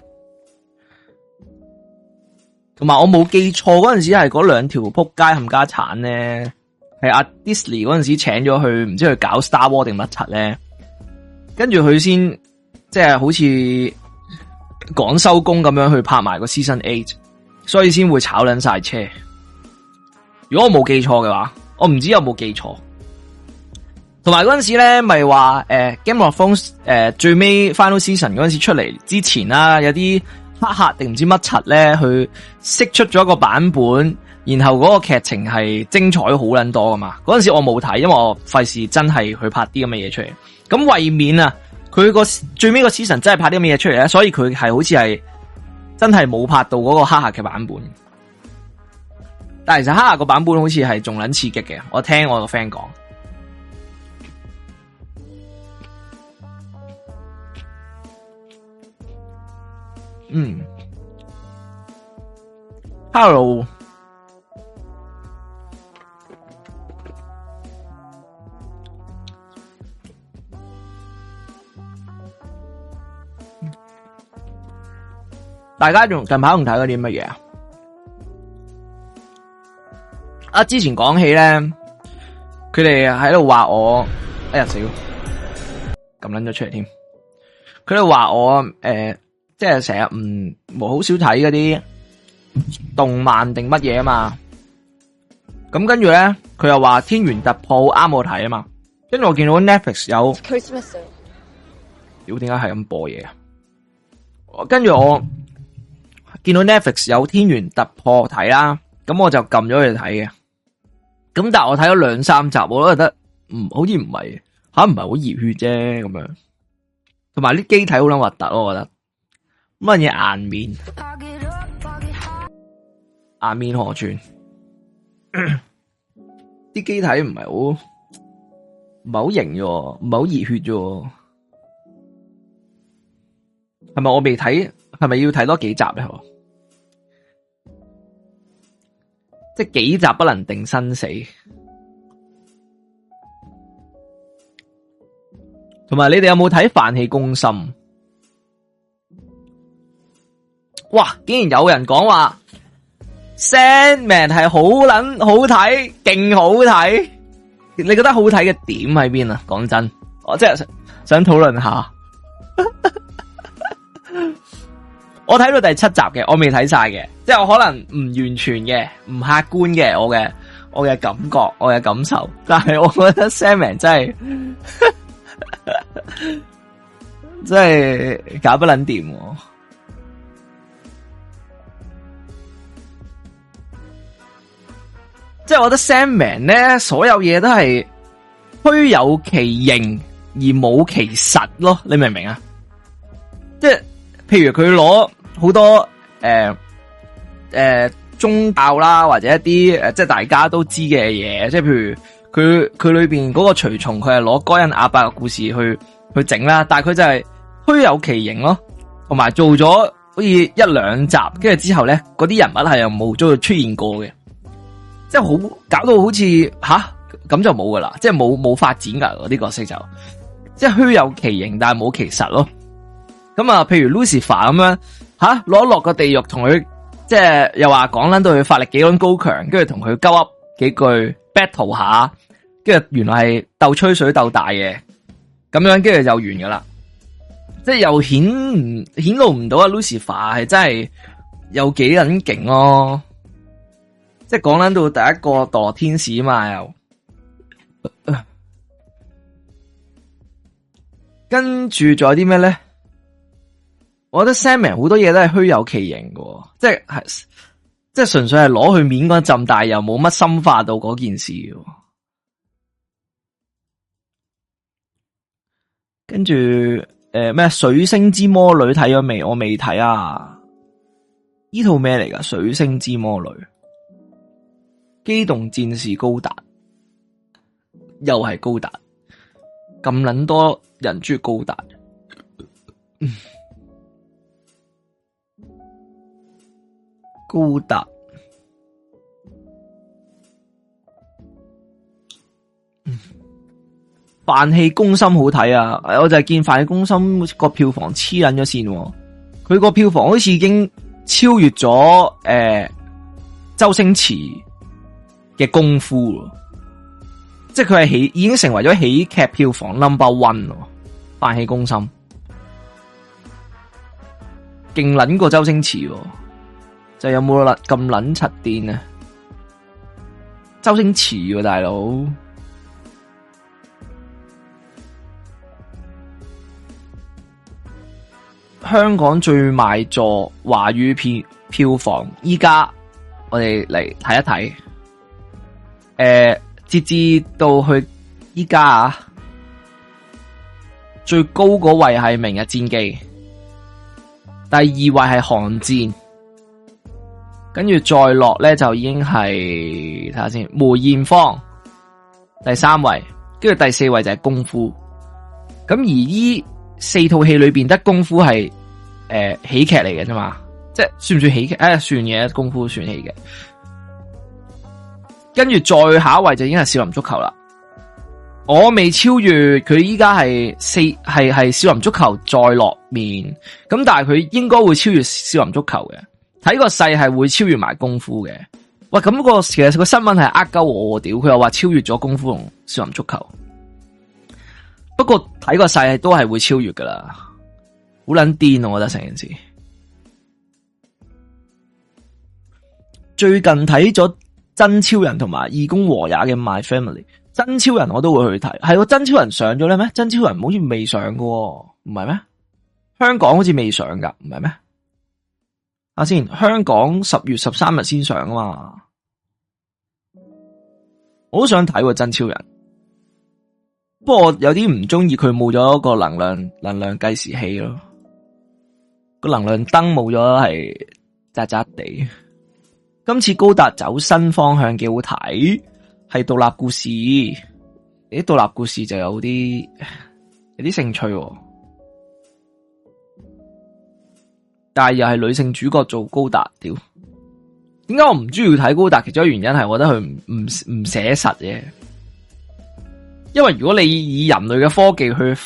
同埋我冇記錯嗰陣時係嗰兩條撲街冚家鏟咧，係阿 Disney 嗰陣時請咗去，唔知去搞 Star War 定乜柒咧，跟住佢先即係好似講收工咁樣去拍埋個《Season Eight》，所以先會炒捻晒車。如果我冇記錯嘅話，我唔知有冇記錯。同埋嗰陣時咧，咪話誒，Game of Thrones 誒、呃，最尾 Final Season 嗰陣時出嚟之前啦，有啲。黑客定唔知乜柒咧，佢釋出咗一個版本，然後嗰個劇情係精彩好撚多噶嘛？嗰陣時我冇睇，因為我費事真係去拍啲咁嘅嘢出嚟。咁為免啊，佢個最尾個死神真係拍啲咁嘅嘢出嚟咧，所以佢係好似係真係冇拍到嗰個黑客嘅版本。但係其實黑客個版本好似係仲撚刺激嘅，我聽我個 friend 講。嗯，Hello，大家仲近排仲睇嗰啲乜嘢啊？啊，之前講起呢，佢哋喺度話我一日死咁捻咗出嚟添，佢哋話我誒。呃即係成日唔冇好少睇嗰啲動漫定乜嘢啊嘛，咁跟住咧佢又話《天元突破》啱我睇啊嘛，跟住我見到 Netflix 有，屌點解係咁播嘢啊？跟住我見到 Netflix 有《天元突破》睇啦，咁我就撳咗去睇嘅。咁但係我睇咗兩三集，我都覺得唔好似唔係，吓唔係好熱血啫咁樣，同埋啲機體好捻核突咯，我覺得。乜嘢顏面？顏面何存？啲機 體唔係好，唔係好型喎，唔係好熱血喎。係咪我未睇？係咪要睇多幾集咧？即係幾集不能定生死。同埋你哋有冇睇《飯氣攻心》？哇！竟然有人講話 Sandman 係好捻好睇，勁好睇。你覺得好睇嘅點喺邊啊？講真，我即係想討論下。 我睇到第七集嘅，我未睇晒嘅，即係我可能唔完全嘅，唔客觀嘅，我嘅我嘅感覺，我嘅感受。但係我覺得 Sandman 真係 真係搞不捻掂。即係我覺得 Sandman 咧，所有嘢都係虛有其形而冇其實咯，你明唔明啊？即係譬如佢攞好多誒誒、呃呃、宗教啦，或者一啲誒即係大家都知嘅嘢，即係譬如佢佢裏邊嗰個隨從，佢係攞哥恩阿伯嘅故事去去整啦，但係佢就係虛有其形咯，同埋做咗好似一兩集，跟住之後咧，嗰啲人物係又冇再出現過嘅。即係好搞到好似吓咁就冇噶啦，即係冇冇發展噶，嗰啲角色就即係虛有其形，但係冇其實咯。咁啊，譬如 Lucifer 咁樣吓，落一落個地獄同佢，即係又話講翻到佢法力幾咁高強，跟住同佢鳩噏幾句 battle 下，跟住原來係鬥吹水鬥大嘅，咁樣跟住就完噶啦。即係又顯唔顯露唔到啊，Lucifer 係真係有幾撚勁囉。即係講緊到第一個墮天使嘛又、呃呃，跟住仲有啲咩咧？我覺得 Sammy 好多嘢都係虛有其形嘅，即係即係純粹係攞去面嗰陣，但係又冇乜深化到嗰件事。跟住誒咩水星之魔女睇咗未？我未睇啊！呢套咩嚟噶？水星之魔女。機動戰士高達，又係高達，咁捻多人中意高達，嗯，高達嗯飯氣攻心好睇啊！我就係見飯氣攻心個票房黐捻咗線，佢個票房好似已經超越咗誒、欸、周星馳，嘅功夫，即係佢係喜已經成為咗喜劇票房 number one 咯，霸氣攻心，勁撚過周星馳，就有冇咁撚七癲啊？周星馳啊，大佬，香港最賣座華語片票房，依家我哋嚟睇一睇。誒、呃，截至到去依家啊，最高嗰位係《明日戰記》，第二位係《寒戰》，跟住再落咧就已經係睇下先，梅艷芳第三位，跟住第四位就係功夫。咁而依四套戲裏邊，得功夫係誒、呃、喜劇嚟嘅啫嘛，即係算唔算喜劇？誒、哎，算嘅，功夫算戲嘅。跟住再下一位就已經係少林足球啦，我未超越佢，依家係四係係少林足球再落面，咁但係佢應該會超越少林足球嘅，睇個勢係會超越埋功夫嘅。喂，咁個其實個新聞係呃鳩我，屌佢又話超越咗功夫同少林足球，不過睇個勢都係會超越噶啦，好撚癲啊我覺得成件事。最近睇咗。真超人同埋義工和也嘅 My Family，真超人我都會去睇，係咯，真超人上咗咧咩？真超人好似未上喎，唔係咩？香港好似未上噶，唔係咩？啊先，香港十月十三日先上啊嘛，我好想睇個、啊、真超人，不過我有啲唔中意佢冇咗一個能量能量計時器咯，個能量燈冇咗係渣渣地。今次高達走新方向幾好睇，係獨立故事。啲、欸、獨立故事就有啲有啲興趣、哦，但係又係女性主角做高達屌。點解我唔中意睇高達？其中一個原因係我覺得佢唔唔唔寫實嘅，因為如果你以人類嘅科技去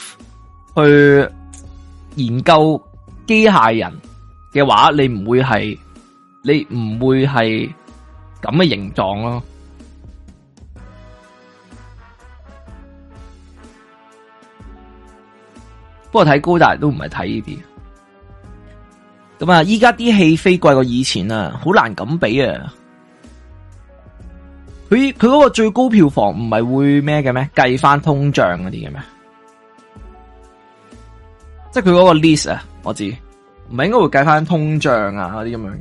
去研究機械人嘅話，你唔會係。你唔會係咁嘅形狀咯，不過睇高大都唔係睇呢啲，咁啊，依家啲戲飛貴過以前啊，好難咁比啊。佢佢嗰個最高票房唔係會咩嘅咩？計翻通脹嗰啲嘅咩？即係佢嗰個 list 啊，我知，唔係應該會計翻通脹啊嗰啲咁樣。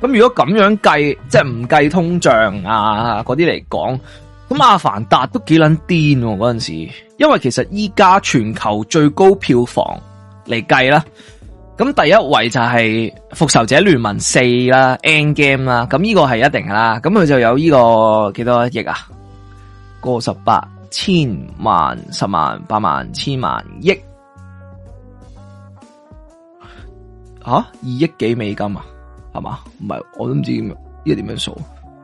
咁如果咁樣計，即係唔計通脹啊嗰啲嚟講，咁阿凡達都幾捻癲嗰陣時，因為其實依家全球最高票房嚟計啦，咁第一位就係《復仇者聯盟四》啦，《End Game》啦，咁呢個係一定嘅啦，咁佢就有呢、這個幾多億啊？過十八千萬、十萬、八萬、千萬億，吓、啊？二億幾美金啊？係嘛？唔係我都唔知點樣，呢個點樣數？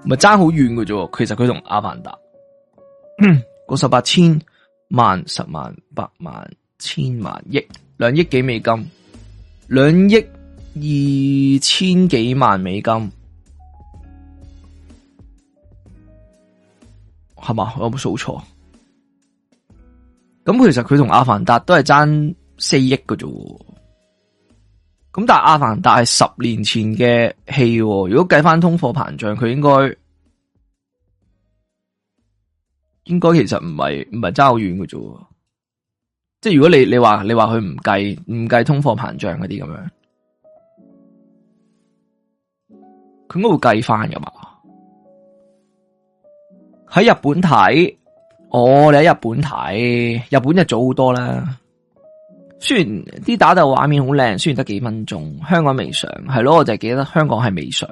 唔係爭好遠嘅啫。其實佢同阿凡達個十八千萬、十 萬、百萬、千萬億兩億幾美金，兩億二千幾萬美金，係嘛？我有冇數錯？咁其實佢同阿凡達都係爭四億嘅啫。咁但係阿凡達係十年前嘅戲，如果計翻通貨膨脹，佢應該應該其實唔係唔係差好遠嘅啫。即係如果你你話你話佢唔計唔計通貨膨脹嗰啲咁樣，佢應該會計翻噶嘛？喺日本睇，我、哦、你喺日本睇，日本就早好多啦。雖然啲打鬥畫面好靚，雖然得幾分鐘，香港未上係咯，我就記得香港係未上。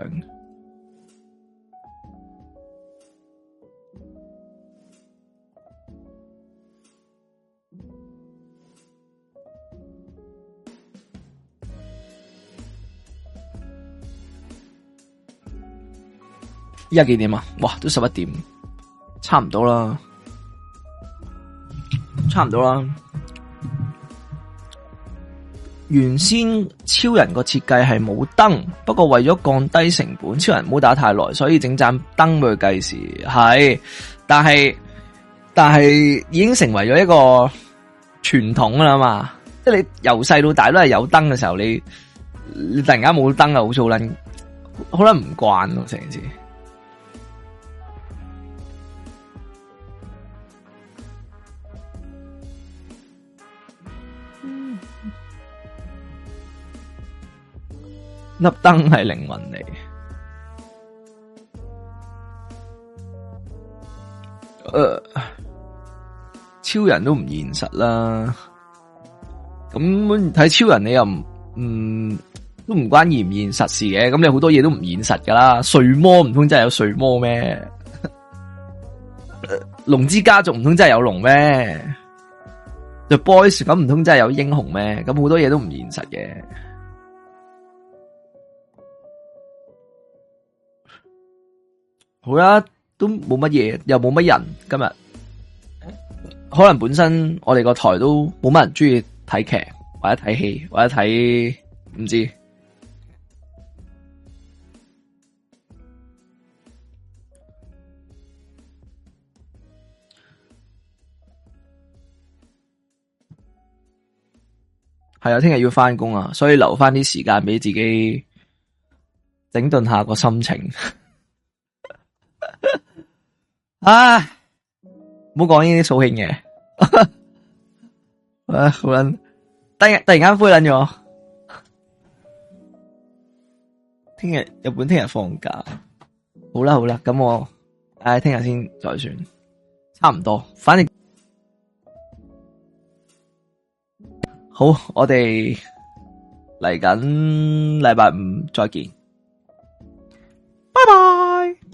依家幾點啊？哇，都十一點，差唔多啦，差唔多啦。原先超人個設計係冇燈，不過為咗降低成本，超人唔好打太耐，所以整盞燈去計時係。但係但係已經成為咗一個傳統啦嘛，即係你由細到大都係有燈嘅時候，你你突然間冇燈啊，好粗卵，可能唔慣咯成件事。粒燈係靈魂嚟，誒，超人都唔現實啦。咁睇超人，你又唔，唔、嗯、都唔關現唔現實事嘅。咁你好多嘢都唔現實噶啦。睡魔唔通真係有睡魔咩？龍之家族唔通真係有龍咩？The boys 咁唔通真係有英雄咩？咁好多嘢都唔現實嘅。好啦，都冇乜嘢，又冇乜人。今日可能本身我哋個台都冇乜人中意睇劇，或者睇戲，或者睇，唔知。係啊，聽日要翻工啊，所以留翻啲時間俾自己整頓下個心情。啊！唔好講呢啲掃興嘢，啊好撚，突然突然間灰撚咗，聽日日本聽日放假，好啦好啦，咁我唉聽日先再算，差唔多，反正好，好我哋嚟緊禮拜五再見，拜拜。